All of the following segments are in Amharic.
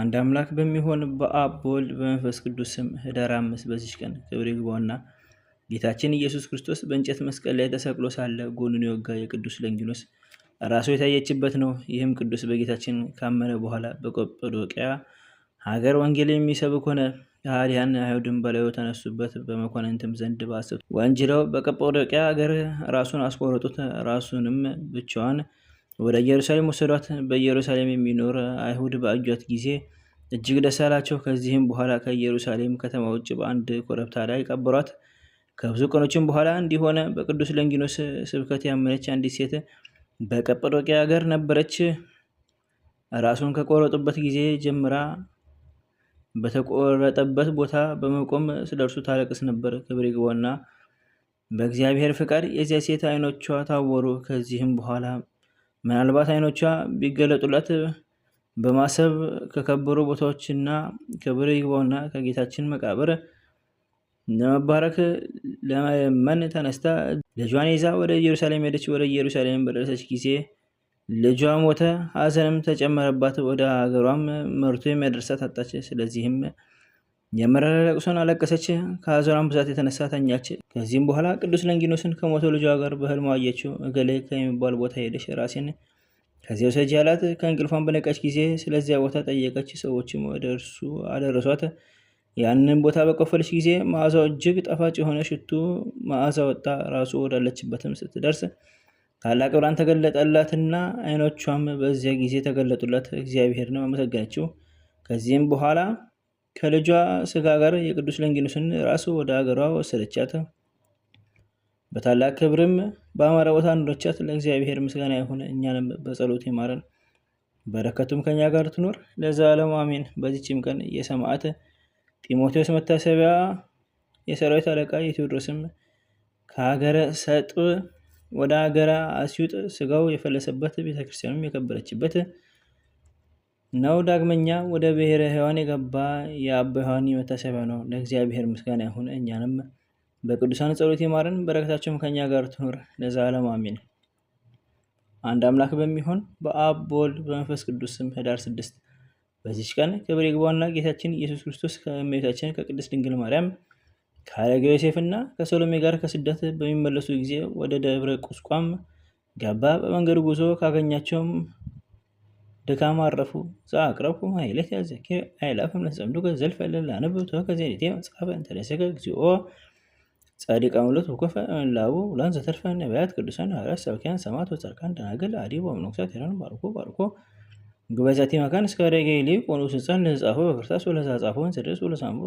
አንድ አምላክ በሚሆን በአብ በወልድ በመንፈስ ቅዱስ ስም ህዳር አምስት በዚች ቀን ክብር ይግባውና ጌታችን ኢየሱስ ክርስቶስ በእንጨት መስቀል ላይ ተሰቅሎ ሳለ ጎኑን የወጋ የቅዱስ ለንጊኖስ ራሱ የታየችበት ነው። ይህም ቅዱስ በጌታችን ካመነ በኋላ በቀጰዶቅያ ሀገር ወንጌል የሚሰብክ ሆነ። ከሃዲያን አይሁድን በላዩ ተነሱበት። በመኮንንትም ዘንድ በሐሰት ወንጅለው በቀጰዶቅያ ሀገር ራሱን አስቆረጡት። ራሱንም ብቻዋን ወደ ኢየሩሳሌም ወሰዷት። በኢየሩሳሌም የሚኖር አይሁድ በአጇት ጊዜ እጅግ ደስ አላቸው። ከዚህም በኋላ ከኢየሩሳሌም ከተማ ውጭ በአንድ ኮረብታ ላይ ቀበሯት። ከብዙ ቀኖችም በኋላ እንዲሆነ በቅዱስ ለንጊኖስ ስብከት ያመነች አንዲት ሴት በቀጰዶቅያ ሀገር ነበረች። ራሱን ከቆረጡበት ጊዜ ጀምራ በተቆረጠበት ቦታ በመቆም ስለ እርሱ ታለቅስ ነበር። ክብር ይግባውና በእግዚአብሔር ፍቃድ የዚያ ሴት አይኖቿ ታወሩ። ከዚህም በኋላ ምናልባት አይኖቿ ቢገለጡላት በማሰብ ከከበሩ ቦታዎችና ክብር ይግባውና ከጌታችን መቃብር ለመባረክ ለመመን ተነስታ ልጇን ይዛ ወደ ኢየሩሳሌም ሄደች። ወደ ኢየሩሳሌም በደረሰች ጊዜ ልጇ ሞተ፣ ሐዘንም ተጨመረባት። ወደ ሀገሯም መርቶ የሚያደርሳት አጣች። ስለዚህም መጀመሪያ ለቅሶን አለቀሰች፣ ከአዞራን ብዛት የተነሳ ተኛች። ከዚህም በኋላ ቅዱስ ለንጊኖስን ከሞተው ልጇ ጋር በህልሟ አየችው። እገሌ ከሚባል ቦታ ሄደች ራሴን ከዚያው ሰጂ አላት። ከእንቅልፏን በነቃች ጊዜ ስለዚያ ቦታ ጠየቀች። ሰዎችም ወደ እርሱ አደረሷት። ያንን ቦታ በቆፈለች ጊዜ መዓዛው እጅግ ጣፋጭ የሆነ ሽቱ መዓዛ ወጣ። ራሱ ወዳለችበትም ስትደርስ ታላቅ ብርሃን ተገለጠላትና አይኖቿም በዚያ ጊዜ ተገለጡላት። እግዚአብሔርንም አመሰገነችው። ከዚህም በኋላ ከልጇ ስጋ ጋር የቅዱስ ለንጊኖስን ራስ ወደ አገሯ ወሰደቻት። በታላቅ ክብርም በአማረ ቦታ ኖረቻት። ለእግዚአብሔር ምስጋና ይሁን፣ እኛንም በጸሎት ይማረን፣ በረከቱም ከኛ ጋር ትኖር ለዘላለሙ አሜን። በዚችም ቀን የሰማዕት ጢሞቴዎስ መታሰቢያ፣ የሰራዊት አለቃ የቴዎድሮስም ከሀገረ ሰጥ ወደ ሀገረ አስዩጥ ስጋው የፈለሰበት ቤተክርስቲያኑም የከበረችበት ነው። ዳግመኛ ወደ ብሔረ ሕያዋን የገባ የአባ ዮሐኒ መታሰቢያ ነው። ለእግዚአብሔር ምስጋና ይሁን፣ እኛንም በቅዱሳን ጸሎት ይማረን፣ በረከታቸውም ከኛ ጋር ትኑር ለዘላለም አሜን። አንድ አምላክ በሚሆን በአብ በወልድ በመንፈስ ቅዱስ ስም ህዳር ስድስት በዚች ቀን ክብር ይግባውና ጌታችን ኢየሱስ ክርስቶስ ከእመቤታችን ከቅድስት ድንግል ማርያም ከአረጋዊ ዮሴፍና ከሰሎሜ ጋር ከስደት በሚመለሱ ጊዜ ወደ ደብረ ቁስቋም ገባ። በመንገድ ጉዞ ካገኛቸውም ድካም አረፉ ዘአቅረብኩ ማይለት ዘኪር አእላፈ እምለተጸምዱከ ዘልፈ እለ አነብብቶ ከዜኔቴ መጽሐፈ እንተደሰከ እግዚኦ ጻድቅ ምሎት ውከፈ እምላቡ ላን ዘተርፈ ነቢያት ቅዱሳን ሐዋርያት ሰብኪያን ሰማዕት ወጻድቃን ደናግል አዲቦ በመነኮሳት ሄረን ባርኮ ባርኮ ግበዛቲ መካን እስከ ረገ ሊቅ ወንኡስ ሕፃን ለተጻፈ በክርታስ ወለተጻፈ ወንዘደርስ ወለሳምቦ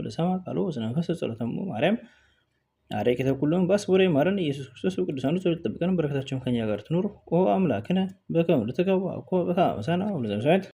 ወለሰማ ቃሎ ወዘመንፈስ ጸሎተሙ ማርያም አርያ ከተኩሎም በአስቡረ ማረን ኢየሱስ ክርስቶስ በቅዱሳኑ ጸሎት ይጠብቀን። በረከታቸውም ከኛ ጋር ትኑር። ኦ አምላክነ በከመ ንትቀባ እኮ በከመ አበሳና ወለዘ